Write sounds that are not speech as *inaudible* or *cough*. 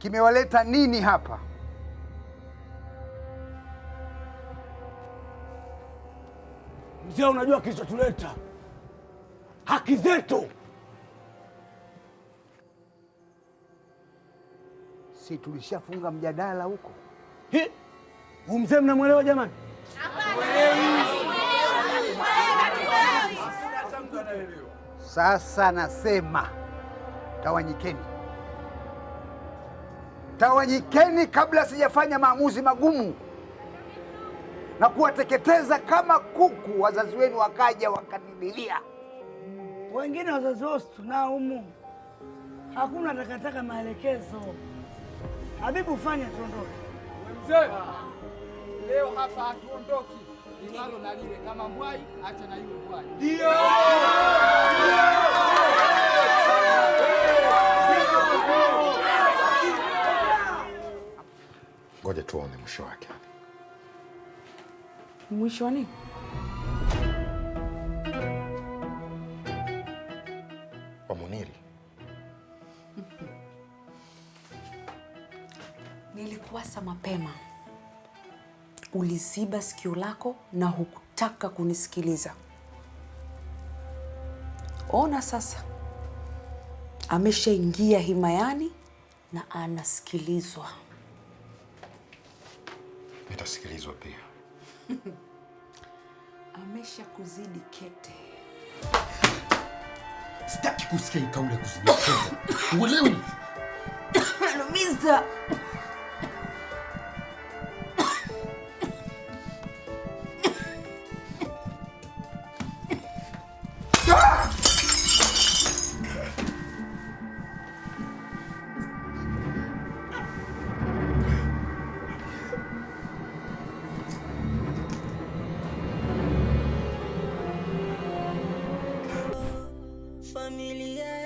kimewaleta nini hapa? Mzee, unajua kilichotuleta? Haki zetu. Si tulishafunga mjadala huko? Huu mzee mnamwelewa jamani? Sasa nasema tawanyikeni. Tawanyikeni kabla sijafanya maamuzi magumu na kuwateketeza kama kuku. Wazazi wenu wakaja wakanidilia, wengine wazazi wao situnao humu, hakuna takataka, maelekezo. Habibu, fanya tuondoke. Mzee, leo hapa hatuondoki, linalo na kama mwai acha na yule mwai, ndio Ngoja tuone mwisho wake. Mwisho wa nini? Wa Muniri. Nilikuasa mapema, uliziba sikio lako na hukutaka kunisikiliza. Ona sasa, ameshaingia himayani na anasikilizwa. Nitasikilizwa pia. *laughs* Amesha kuzidi kete. Sitaki kusikia kauli ya kuzidi kete. Uelewi? Lumiza. familia